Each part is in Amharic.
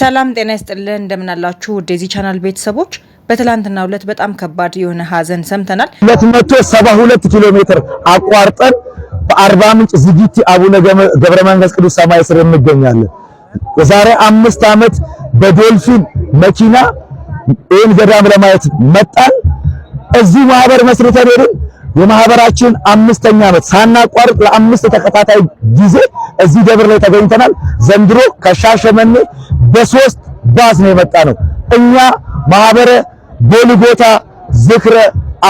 ሰላም ጤና ይስጥልን እንደምናላችሁ ውድ የዚህ ቻናል ቤተሰቦች፣ በትላንትና ሁለት በጣም ከባድ የሆነ ሀዘን ሰምተናል። 272 ኪሎ ሜትር አቋርጠን በአርባ ምንጭ ዝጊቲ አቡነ ገብረ መንፈስ ቅዱስ ሰማይ ስር እንገኛለን። የዛሬ አምስት ዓመት በዶልፊን መኪና ይህን ገዳም ለማየት መጣን። እዚህ ማህበር መስርተን ሄድን። የማህበራችን አምስተኛ ዓመት ሳናቋርጥ ለአምስት ተከታታይ ጊዜ እዚህ ደብር ላይ ተገኝተናል። ዘንድሮ ከሻሸመኔ በሶስት ባስ ነው የመጣ ነው። እኛ ማህበረ ጎልጎታ ዝክረ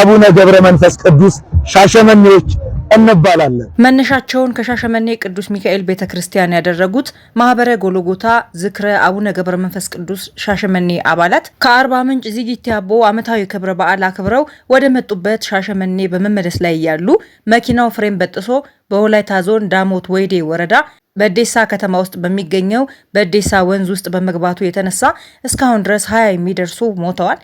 አቡነ ገብረ መንፈስ ቅዱስ ሻሸመኔዎች እንባላለን። መነሻቸውን ከሻሸመኔ ቅዱስ ሚካኤል ቤተ ክርስቲያን ያደረጉት ማህበረ ጎልጎታ ዝክረ አቡነ ገብረ መንፈስ ቅዱስ ሻሸመኔ አባላት ከአርባ ምንጭ ዚጊት ያቦ ዓመታዊ ክብረ በዓል አክብረው ወደ መጡበት ሻሸመኔ በመመለስ ላይ ያሉ መኪናው ፍሬም በጥሶ በወላይታ ዞን ዳሞት ወይዴ ወረዳ በዴሳ ከተማ ውስጥ በሚገኘው በዴሳ ወንዝ ውስጥ በመግባቱ የተነሳ እስካሁን ድረስ ሀያ የሚደርሱ ሞተዋል።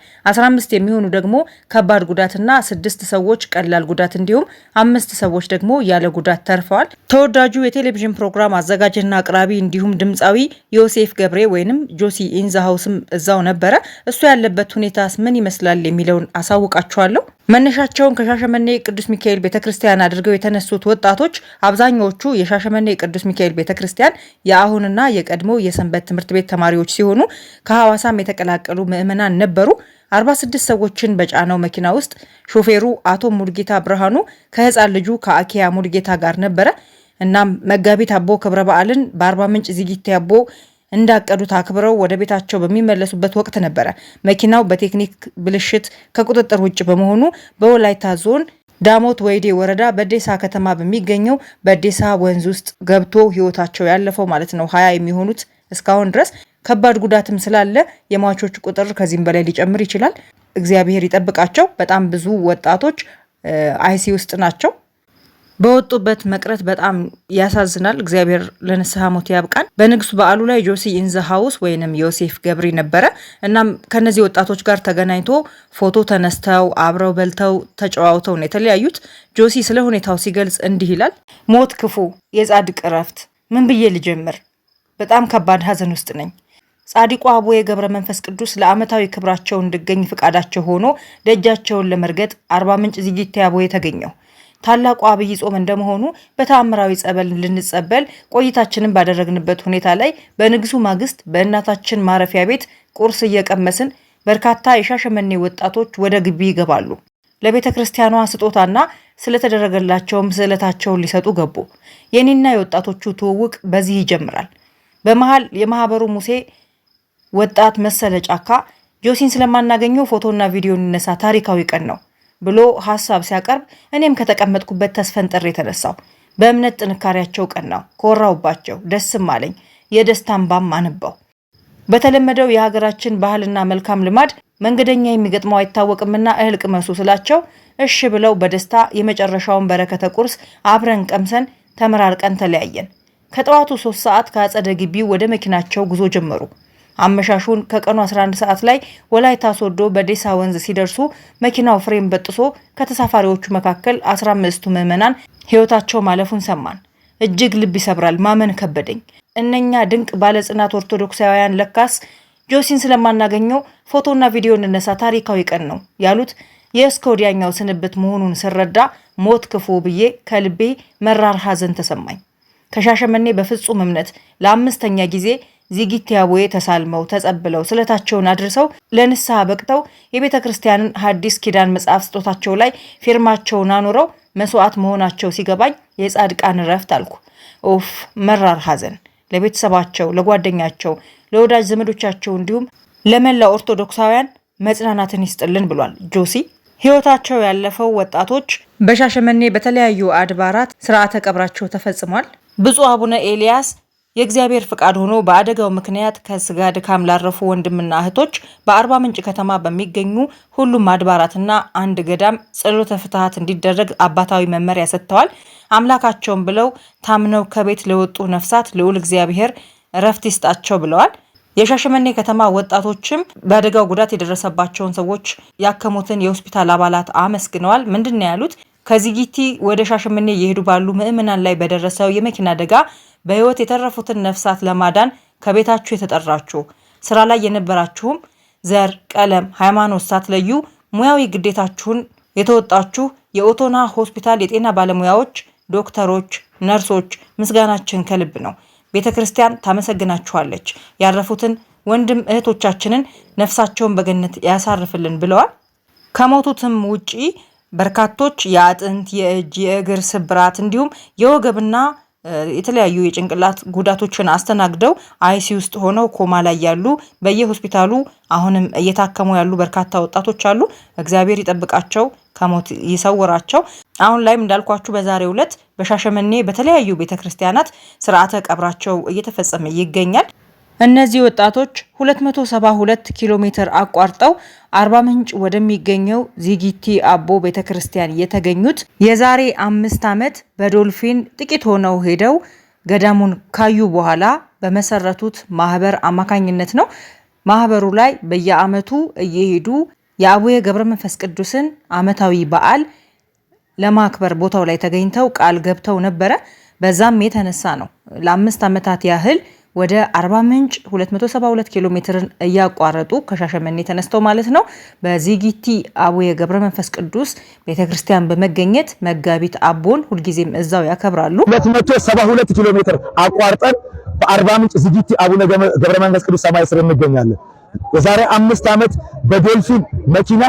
አምስት የሚሆኑ ደግሞ ከባድ ጉዳትና ስድስት ሰዎች ቀላል ጉዳት እንዲሁም አምስት ሰዎች ደግሞ ያለ ጉዳት ተርፈዋል። ተወዳጁ የቴሌቪዥን ፕሮግራም አዘጋጅና አቅራቢ እንዲሁም ድምፃዊ ዮሴፍ ገብሬ ወይንም ጆሲ ኢንዛሃውስም እዛው ነበረ። እሱ ያለበት ሁኔታስ ምን ይመስላል የሚለውን አሳውቃችኋለሁ። መነሻቸውን ከሻሸመኔ ቅዱስ ሚካኤል ቤተ ክርስቲያን አድርገው የተነሱት ወጣቶች አብዛኛዎቹ የሻሸመኔ ቅዱስ ሚካኤል ቤተ ክርስቲያን የአሁንና የቀድሞ የሰንበት ትምህርት ቤት ተማሪዎች ሲሆኑ ከሐዋሳም የተቀላቀሉ ምዕመናን ነበሩ። 46 ሰዎችን በጫነው መኪና ውስጥ ሾፌሩ አቶ ሙልጌታ ብርሃኑ ከህፃን ልጁ ከአኪያ ሙልጌታ ጋር ነበረ። እናም መጋቢት አቦ ክብረ በዓልን በአርባ ምንጭ ዚጊቴ አቦ እንዳቀዱት አክብረው ወደ ቤታቸው በሚመለሱበት ወቅት ነበረ መኪናው በቴክኒክ ብልሽት ከቁጥጥር ውጭ በመሆኑ በወላይታ ዞን ዳሞት ወይዴ ወረዳ በዴሳ ከተማ በሚገኘው በዴሳ ወንዝ ውስጥ ገብቶ ህይወታቸው ያለፈው ማለት ነው። ሀያ የሚሆኑት እስካሁን ድረስ ከባድ ጉዳትም ስላለ የሟቾች ቁጥር ከዚህም በላይ ሊጨምር ይችላል። እግዚአብሔር ይጠብቃቸው። በጣም ብዙ ወጣቶች አይሲ ውስጥ ናቸው። በወጡበት መቅረት በጣም ያሳዝናል። እግዚአብሔር ለንስሐ ሞት ያብቃን። በንግሱ በዓሉ ላይ ጆሲ ኢንዘ ሀውስ ወይንም ዮሴፍ ገብሪ ነበረ። እናም ከነዚህ ወጣቶች ጋር ተገናኝቶ ፎቶ ተነስተው አብረው በልተው ተጨዋውተው ነው የተለያዩት። ጆሲ ስለ ሁኔታው ሲገልጽ እንዲህ ይላል። ሞት ክፉ፣ የጻድቅ እረፍት። ምን ብዬ ልጀምር? በጣም ከባድ ሀዘን ውስጥ ነኝ። ጻድቁ አቡነ ገብረ መንፈስ ቅዱስ ለዓመታዊ ክብራቸው እንድገኝ ፍቃዳቸው ሆኖ ደጃቸውን ለመርገጥ አርባ ምንጭ ዝግጅት ያቦ የተገኘው ታላቁ አብይ ጾም እንደመሆኑ በተአምራዊ ጸበል ልንጸበል ቆይታችንን ባደረግንበት ሁኔታ ላይ በንግሱ ማግስት በእናታችን ማረፊያ ቤት ቁርስ እየቀመስን በርካታ የሻሸመኔ ወጣቶች ወደ ግቢ ይገባሉ። ለቤተ ክርስቲያኗ ስጦታና ስለተደረገላቸውም ስዕለታቸውን ሊሰጡ ገቡ። የኔና የወጣቶቹ ትውውቅ በዚህ ይጀምራል። በመሃል የማህበሩ ሙሴ ወጣት መሰለ ጫካ ጆሲን ስለማናገኘው ፎቶና ቪዲዮ እንነሳ ታሪካዊ ቀን ነው ብሎ ሀሳብ ሲያቀርብ እኔም ከተቀመጥኩበት ተስፈንጥሬ የተነሳው በእምነት ጥንካሬያቸው ቀናው፣ ኮራውባቸው፣ ደስም አለኝ፣ የደስታ እንባም አነባው። በተለመደው የሀገራችን ባህልና መልካም ልማድ መንገደኛ የሚገጥመው አይታወቅምና እህል ቅመሱ ስላቸው እሺ ብለው በደስታ የመጨረሻውን በረከተ ቁርስ አብረን ቀምሰን ተመራርቀን ተለያየን። ከጠዋቱ ሶስት ሰዓት ከአጸደ ግቢው ወደ መኪናቸው ጉዞ ጀመሩ። አመሻሹን ከቀኑ 11 ሰዓት ላይ ወላይታ ሶዶ በዴሳ ወንዝ ሲደርሱ መኪናው ፍሬም በጥሶ ከተሳፋሪዎቹ መካከል 15ቱ ምዕመናን ህይወታቸው ማለፉን ሰማን። እጅግ ልብ ይሰብራል። ማመን ከበደኝ። እነኛ ድንቅ ባለጽናት ኦርቶዶክሳውያን ለካስ ጆሲን ስለማናገኘው ፎቶና ቪዲዮ እንነሳ፣ ታሪካዊ ቀን ነው ያሉት የእስከ ወዲያኛው ስንብት መሆኑን ስረዳ ሞት ክፉ ብዬ ከልቤ መራር ሐዘን ተሰማኝ። ከሻሸመኔ በፍጹም እምነት ለአምስተኛ ጊዜ ዚጊት ያቡዌ ተሳልመው ተጸብለው ስለታቸውን አድርሰው ለንስሐ በቅተው የቤተ ክርስቲያንን ሐዲስ ኪዳን መጽሐፍ ስጦታቸው ላይ ፊርማቸውን አኑረው መስዋዕት መሆናቸው ሲገባኝ የጻድቃን እረፍት አልኩ። ኡፍ መራር ሐዘን ለቤተሰባቸው፣ ለጓደኛቸው፣ ለወዳጅ ዘመዶቻቸው እንዲሁም ለመላው ኦርቶዶክሳውያን መጽናናትን ይስጥልን ብሏል ጆሲ። ህይወታቸው ያለፈው ወጣቶች በሻሸመኔ በተለያዩ አድባራት ስርዓተ ቀብራቸው ተፈጽሟል። ብፁዕ አቡነ ኤልያስ የእግዚአብሔር ፍቃድ ሆኖ በአደጋው ምክንያት ከስጋ ድካም ላረፉ ወንድምና እህቶች በአርባ ምንጭ ከተማ በሚገኙ ሁሉም አድባራትና አንድ ገዳም ጸሎተ ፍትሐት እንዲደረግ አባታዊ መመሪያ ሰጥተዋል። አምላካቸውን ብለው ታምነው ከቤት ለወጡ ነፍሳት ልዑል እግዚአብሔር እረፍት ይስጣቸው ብለዋል። የሻሸመኔ ከተማ ወጣቶችም በአደጋው ጉዳት የደረሰባቸውን ሰዎች ያከሙትን የሆስፒታል አባላት አመስግነዋል። ምንድን ነው ያሉት? ከዚጊቲ ወደ ሻሸመኔ እየሄዱ ባሉ ምዕመናን ላይ በደረሰው የመኪና አደጋ በህይወት የተረፉትን ነፍሳት ለማዳን ከቤታችሁ የተጠራችሁ ስራ ላይ የነበራችሁም ዘር፣ ቀለም፣ ሃይማኖት ሳትለዩ ሙያዊ ግዴታችሁን የተወጣችሁ የኦቶና ሆስፒታል የጤና ባለሙያዎች፣ ዶክተሮች፣ ነርሶች ምስጋናችን ከልብ ነው። ቤተ ክርስቲያን ታመሰግናችኋለች። ያረፉትን ወንድም እህቶቻችንን ነፍሳቸውን በገነት ያሳርፍልን ብለዋል። ከሞቱትም ውጪ በርካቶች የአጥንት፣ የእጅ፣ የእግር ስብራት እንዲሁም የወገብና የተለያዩ የጭንቅላት ጉዳቶችን አስተናግደው አይሲ ውስጥ ሆነው ኮማ ላይ ያሉ በየሆስፒታሉ አሁንም እየታከሙ ያሉ በርካታ ወጣቶች አሉ። እግዚአብሔር ይጠብቃቸው፣ ከሞት ይሰውራቸው። አሁን ላይም እንዳልኳችሁ በዛሬው ዕለት በሻሸመኔ በተለያዩ ቤተክርስቲያናት ስርዓተ ቀብራቸው እየተፈጸመ ይገኛል። እነዚህ ወጣቶች 272 ኪሎ ሜትር አቋርጠው አርባ ምንጭ ወደሚገኘው ዚጊቲ አቦ ቤተ ክርስቲያን የተገኙት የዛሬ አምስት ዓመት በዶልፊን ጥቂት ሆነው ሄደው ገዳሙን ካዩ በኋላ በመሰረቱት ማህበር አማካኝነት ነው። ማህበሩ ላይ በየዓመቱ እየሄዱ የአቡየ ገብረ መንፈስ ቅዱስን ዓመታዊ በዓል ለማክበር ቦታው ላይ ተገኝተው ቃል ገብተው ነበረ። በዛም የተነሳ ነው ለአምስት ዓመታት ያህል ወደ አርባ ምንጭ 272 ኪሎ ሜትርን እያቋረጡ ከሻሸመኔ ተነስተው ማለት ነው በዚጊቲ አቡየ ገብረ መንፈስ ቅዱስ ቤተክርስቲያን በመገኘት መጋቢት አቦን ሁልጊዜም እዛው ያከብራሉ። 272 ኪሎ ሜትር አቋርጠን በአርባ ምንጭ ዝጊቲ አቡነ ገብረ መንፈስ ቅዱስ ሰማይ ስር እንገኛለን። የዛሬ አምስት ዓመት በዶልፊን መኪና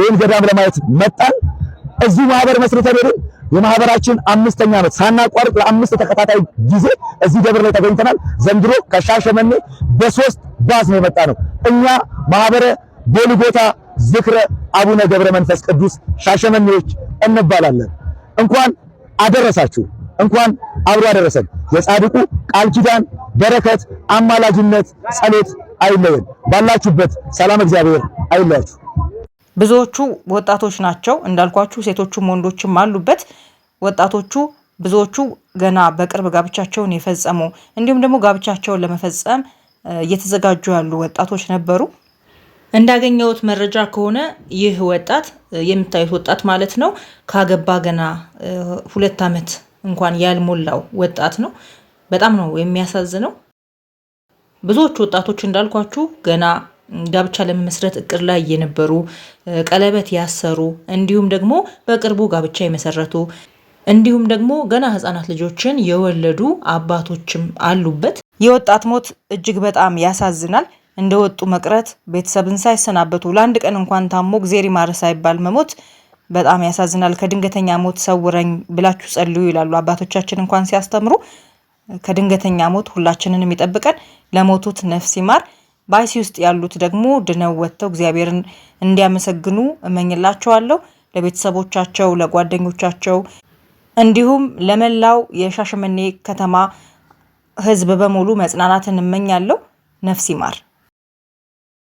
ይህን ገዳም ለማየት መጣን። እዚህ ማህበር መስርተን የማህበራችን አምስተኛ ዓመት ሳናቋርጥ ለአምስት ተከታታይ ጊዜ እዚህ ደብር ላይ ተገኝተናል። ዘንድሮ ከሻሸመኔ በሶስት ባስ ነው የመጣ ነው። እኛ ማህበረ ጎልጎታ ዝክረ አቡነ ገብረ መንፈስ ቅዱስ ሻሸመኔዎች እንባላለን። እንኳን አደረሳችሁ፣ እንኳን አብሮ አደረሰን። የጻድቁ ቃል ኪዳን በረከት፣ አማላጅነት፣ ጸሎት አይለየን። ባላችሁበት ሰላም እግዚአብሔር አይለያችሁ። ብዙዎቹ ወጣቶች ናቸው እንዳልኳችሁ፣ ሴቶቹም ወንዶችም አሉበት። ወጣቶቹ ብዙዎቹ ገና በቅርብ ጋብቻቸውን የፈጸሙ እንዲሁም ደግሞ ጋብቻቸውን ለመፈጸም እየተዘጋጁ ያሉ ወጣቶች ነበሩ። እንዳገኘሁት መረጃ ከሆነ ይህ ወጣት የምታዩት ወጣት ማለት ነው ካገባ ገና ሁለት ዓመት እንኳን ያልሞላው ወጣት ነው። በጣም ነው የሚያሳዝነው። ብዙዎቹ ወጣቶች እንዳልኳችሁ ገና ጋብቻ ለመመስረት እቅድ ላይ የነበሩ ቀለበት ያሰሩ እንዲሁም ደግሞ በቅርቡ ጋብቻ የመሰረቱ እንዲሁም ደግሞ ገና ህጻናት ልጆችን የወለዱ አባቶችም አሉበት። የወጣት ሞት እጅግ በጣም ያሳዝናል። እንደወጡ መቅረት፣ ቤተሰብን ሳይሰናበቱ ለአንድ ቀን እንኳን ታሞ እግዜር ይማረ ሳይባል መሞት በጣም ያሳዝናል። ከድንገተኛ ሞት ሰውረኝ ብላችሁ ጸልዩ ይላሉ አባቶቻችን እንኳን ሲያስተምሩ። ከድንገተኛ ሞት ሁላችንንም ይጠብቀን። ለሞቱት ነፍስ ይማር። በአይሲ ውስጥ ያሉት ደግሞ ድነው ወጥተው እግዚአብሔርን እንዲያመሰግኑ እመኝላቸዋለሁ። ለቤተሰቦቻቸው፣ ለጓደኞቻቸው እንዲሁም ለመላው የሻሸመኔ ከተማ ሕዝብ በሙሉ መጽናናትን እመኛለሁ። ነፍስ ይማር።